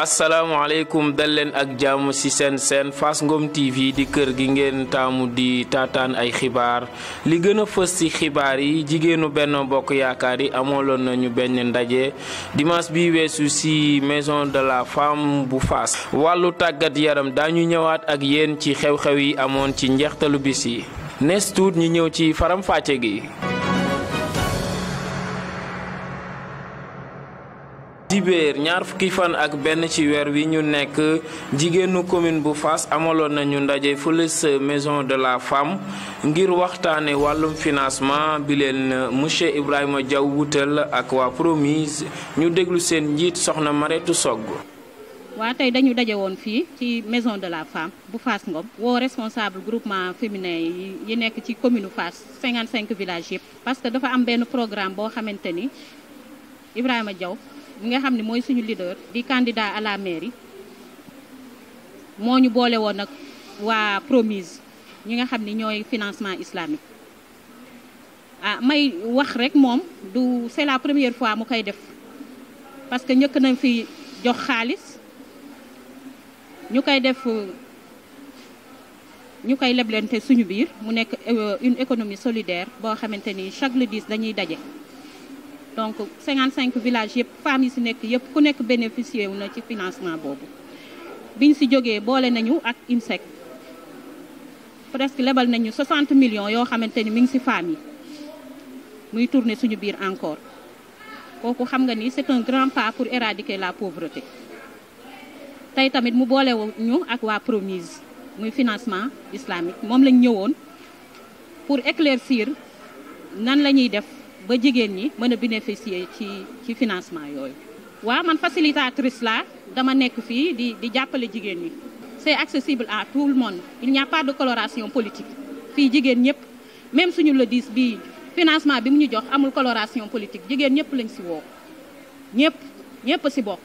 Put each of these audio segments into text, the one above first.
asalaamaaleykum dal leen ak jàmm ci seen seen Fass Ngom TV di kër gi ngeen taamu di taataan ay xibaar li gën a fës ci xibaar yi jigéenu benn Bokk Yaakaar yi amooloon nañu benn ndaje dimanche bi weesu ci maison de la femme bu fas wàllu tàggat yaram daañu ñëwaat ak yéen ci xew-xew yi amoon ci njeextalu bis yi nees tuut ñu ñëw ci faramfàcce gi. dibéer ñaar fukki fan ak benn ci weer wi ñu nekk jigéenu commune bu Fass amaloon nañu ndaje fële sa maison de la femme ngir waxtaane wàllum financement bi leen monsieur Ibrahima Diaw wutal ak waa promise ñu déglu seen njiit soxna Maretu Sogg waa tey dañu daje woon fii ci maison de la femme bu Fass Ngom woo responsable groupement féminin yi nekk ci commune Fass 55 villages yëpp parce que dafa am benn programme boo xamante ni Ibrahima jaw bi nga xam ne mooy suñu leader di candidat à la mairie moo ñu boole woon nag waa promise ñi nga xam ni ñooy financement islamique ah may wax rek moom du c'est la première fois mu koy def parce que ñëkk nañ fi jox xaalis ñu koy def ñu koy leblente suñu biir mu nekk euh, une économie solidaire boo xamante ni chaque le 10 dañuy daje donc 55 villages yëpp femmes yi si nekk yëpp ku nekk bénéficié wu na ci financement boobu bi biñ si jógee boole nañu ak IMSEC presque lebal nañu 60 millions yoo xamante ni mi ngi si femmes yi muy tourner suñu biir encore kooku xam nga ni c'est un grand pas pour éradiquer la pauvreté tey tamit mu boole ñu ak waa Promise muy financement islamique moom lañ ñëwoon pour éclaircir nan la ñuy def. ba jigéen ñi mën a bénéficier ci ci financement yooyu. waaw man facilitatrice la dama nekk fii di di jàppale jigéen ñi. c'est accessible à tout le monde il n'y a pas de coloration politique fii jigéen ñëpp même suñu le dis bii financement bi mu ñu jox amul coloration politique jigéen ñëpp lañu si woo ñëpp ñëpp si bokk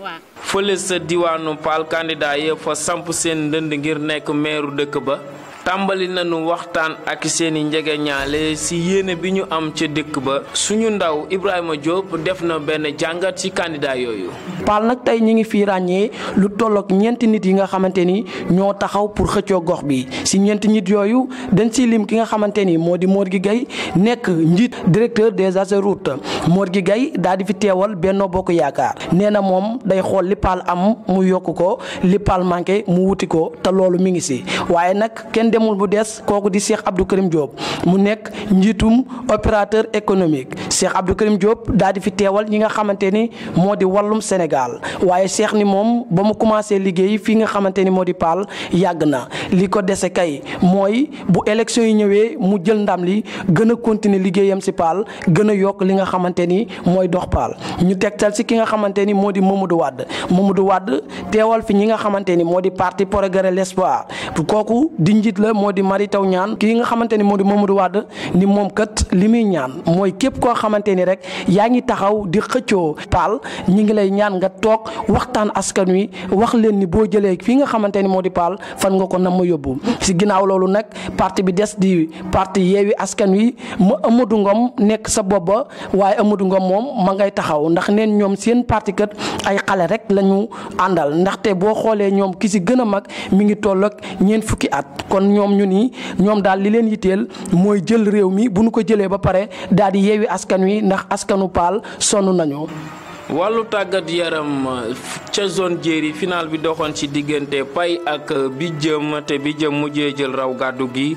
waa fële sa diwaanu Paal candidat yi fa samp seen ndënd ngir nekk meeru dëkk ba. tàmbali nañu waxtaan ak seeni njegeñaale si yéene bi ñu am ca dëkk ba suñu ndaw Ibrahima Diop def na benn jàngat ci candidat yooyu. Paal nag tey ñu ngi fi ràññee lu tollook ñeenti nit yi nga xamante ni ñoo taxaw pour xëccoo gox bi si ñeenti nit yooyu dañ si lim ki nga xamante ni moo di moor gi gay nekk njiit directeur des moor gi gay daal di fi teewal Benno Bokk Yaakaar nee na moom day xool li Paal am mu yokk ko li Paal manqué mu wuti ko te loolu mi ngi si demul bu des kooku di Cheikh Abdou Karim Diop mu nekk njiitum opérateur économique Cheikh Abdou Karim Diop daal di fi teewal ñi nga xamante ni moo di wàllum Sénégal waaye Cheikh ni moom ba mu commencé liggéey fii nga xamante ni moo di Paal yàgg na li ko dese kay mooy bu élection yi ñëwee mu jël ndam li gën a continuer liggéeyam si Paal gën a yokk li nga xamante ni mooy dox Paal ñu tegtal si ki nga xamante ni moo di Mamadou Wade Mamadou Wade teewal fi ñi nga xamante ni moo di partie Progrès l'Espoir kooku di njiit la moo di Mary ñaan Niane kii nga xamante ni moo di Mamadou Wade ni moom kat li muy ñaan mooy képp koo xamante ni rek yaa ngi taxaw di xëccoo paal ñi ngi lay ñaan nga toog waxtaan askan wi wax leen ni boo jëlee fii nga xamante ni moo di paal fan nga ko nam ma yóbbu si ginnaaw loolu nag parti bi des di parti yeewi askan wi ma Amadou Ngom nekk sa bopp ba waaye Amadou Ngom moom ma ngay taxaw ndax neen ñoom seen parti kat ay xale rek lañu àndal ndaxte bo xoolee ñoom ki si gën a mag mi ngi toll ñoom ñu nii ñoom daal li leen yitteel mooy jël réew mi bu ñu ko jëlee ba pare daal di yeewi askan wi ndax askanu paal sonn nañu. wàllu tàggat yaram euh, ca zone yi final bi doxoon ci diggante pay ak euh, bi jëm te bi jëm mujjee jël raw gàddu gi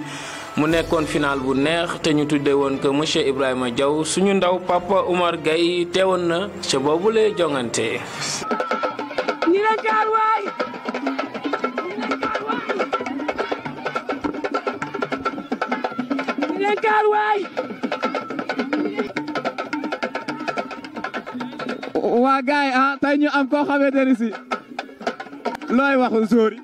mu nekkoon final bu neex te ñu tuddee woon que monsieur Ibrahima Diaw suñu ndaw papa Oumar Gueye teewoon na ca boobule jongante. ñi la jaar waay. leen gaal waay waa gaay ah ñu am koo xamante ne si looy waxu sóori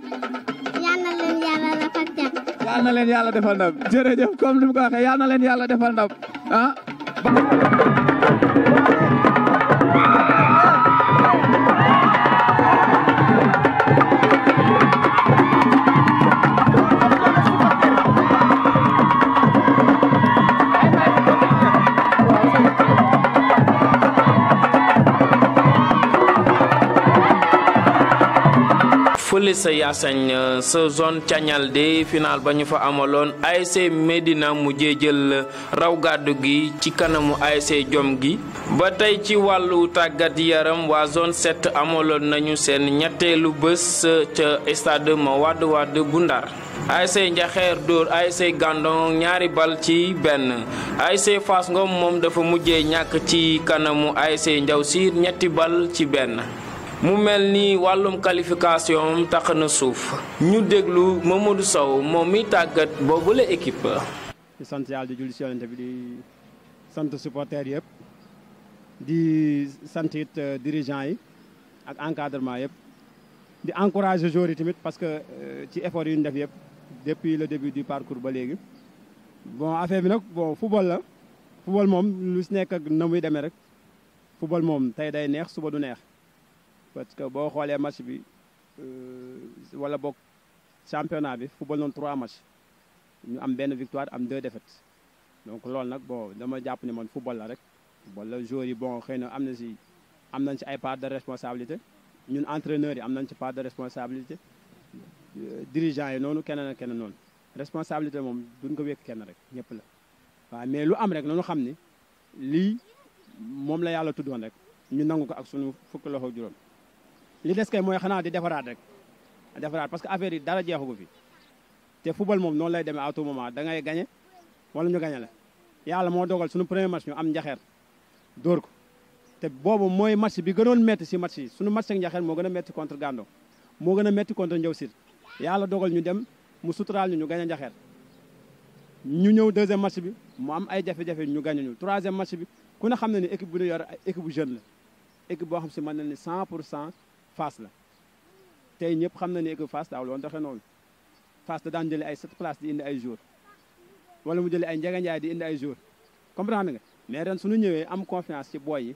yal na leen yàlla defal leen yàlla defal ndam jërëjëf comme ni mu ko waxee na leen yàlla defal ndam ah fële sa Yaasañ euh, sa zone Cagnalde final ba ñu fa amaloon ASC Medina mujjee jël raw gàddu gi ci kanamu ASC Jom gi ba tey ci wàllu tàggat yaram waa zone 7 amaloon nañu seen ñetteelu bés euh, ca stade ma wadd wadd bu Ndar ASC Njaxeer dóor ASC Gandon ñaari bal ci benn ASC Fass Ngom moom dafa mujje ñàkk ci kanamu ASC Ndiaw Siir ñetti bal ci benn mu mel ni wàllum qualification tax na suuf ñu déglu Mamadou Sow moom muy tàggat boobule équipe. di sant yàlla di julli si yonent bi di sant supporters yëpp di sant it euh, dirigeants yi ak encadrement yëpp di encourager joueurs yi tamit parce que euh, ci effort yu ñu def yëpp depuis le début di parcours ba léegi bon affaire bi nag bon football la football moom lu si nekk na muy demee rek football moom tey day neex suba du neex. parce que boo xoolee match bi euh, wala boog championnat bi football noonu trois match ñu am benn victoire am deux défaites donc loolu nag boo dama jàpp ne man football la rek football la joueurs yi bon xëy na am na si am nañ si ay part de responsabilité ñun entreneur yi am nañ si part de responsabilité euh, dirigeants yi noonu keneen ak keneen noonu responsabilité moom duñ ko wékk kenn rek ñëpp la waaw mais lu am rek nañu xam ni lii moom la yàlla tuddoon rek ñu nangu ko ak suñu fukki loxo juróom li des mooy xanaa di defaraat rek defaraat parce que affaire yi dara jeexagu fi te football moom noonu lay demee à tout moment da ngay gañe wala ñu gañe la yàlla moo dogal suñu premier match ñu am njaxeer dóor ko te boobu mooy match bi gënoon métti si match yi suñu match ak njaxeer moo gën a métti contre Gando moo gën a métti contre Ndiaw Sir yàlla dogal ñu dem mu suturaal ñu ñu gañe njaxeer ñu ñëw deuxième match bi mu am ay jafe-jafe ñu gañe ñu troisième match bi ku ne xam ne ni équipe yor équipe bu la équipe boo xam si mën na ni 100 pour cent Fass la tey ñëpp xam na ne que Fass daaw loon doxee noonu Fass da daan jëlee ay sept places di indi ay jours wala mu jëlee ay njaganjaay di indi ay jours comprendre nga mais ren suñu ñëwee am confiance ci boy yi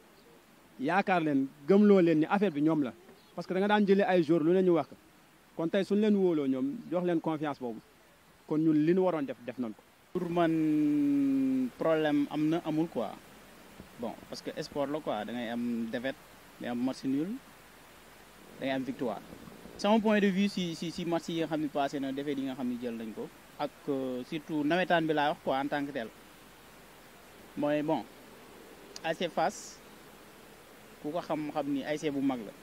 yaakaar gëm gëmloo leen ni affaire bi ñoom la parce que da nga daan jëlee ay jours lu ne ñu wax kon tey suñu leen wóoloo ñoom jox leen confiance boobu kon ñun li ñu waroon def def nañ ko. pour man problème am na amul quoi bon parce que sport la quoi da ngay am défaite da ngay am match da ngay am victoire sama point de vue si si si match yi nga xam ni passé na defee li nga xam ne jël nañ ko ak euh, surtout nawetaan bi laa wax quoi en tant que tel mooy bon ASC Fass ku ko xam-xam ni ay ASC bu mag la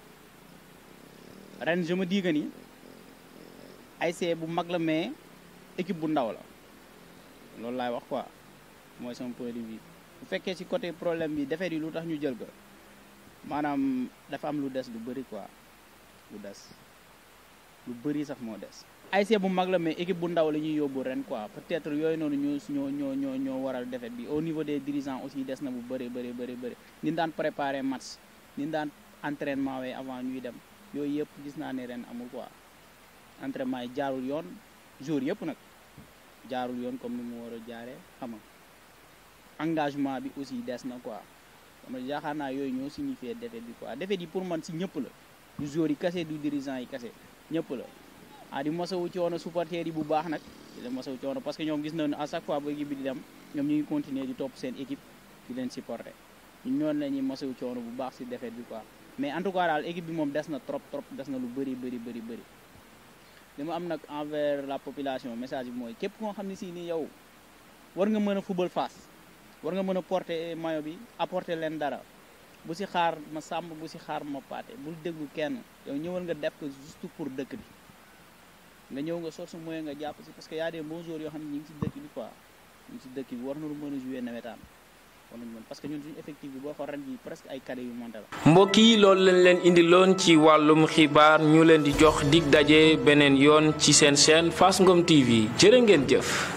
ren je me dis que ni bu mag la mais équipe bu ndaw la loolu laay wax quoi mooy sama point de vue bu fekkee si côté problème bi defee di lu tax ñu jël ko maanaam dafa am lu des lu bëri quoi bu des lu bëri sax moo des. ASC bu mag la mais équipe bu ndaw la ñuy yóbbu ren quoi peut-être yooyu noonu ñoo ñoo ñoo ñoo waral défaite bi au niveau de dirigeants aussi des na bu bëri bëri bëri bëri ni daan préparer match ni daan entraînement wee avant ñuy dem yooyu yëpp gis naa ne ren amul quoi entraînement yi jaarul yoon jour yëpp nag jaarul yoon comme nu mu war a jaaree xam nga engagement bi aussi des na quoi dama yaakaar naa yooyu ñoo signifié défaite bi quoi défaite yi pour du joueur yi kase du dirigeant yi kase ñëpp la ah di masawu coono supporters yi bu baax nag di leen masawu coono parce que ñoom gis nañu à chaque fois bu équipe bi di dem ñoom ñu ngi seen équipe di leen supporter ñun ñoon la ñuy masawu coono bu baax si defee bi quoi mais en tout cas daal bi moom des na trop trop na lu bëri bëri bëri bëri li ma am nag envers la population message bi mooy képp koo xam ne si ni yow war nga mën a fubal Fass war nga mën a porter maillot bi apporter leen dara bu si xaar ma sàmm bu si xaar ma paate bul déglu kenn yow ñëwal nga def ko juste pour dëkk bi nga ñëw nga su mooy nga jàpp si parce que y a des yoo xam ne ñu ngi si dëkk bi quoi ñu ngi si dëkk bi war nañu mën a nawetaan parce que ñun suñu effectif bi boo xool ren bi presque ay cadets yu monté la. mbokk yi loolu lañ leen indiloon ci wàllum xibaar ñu leen di jox dig daje beneen yoon ci seen chaîne Fass Ngom TV jërë ngeen jëf.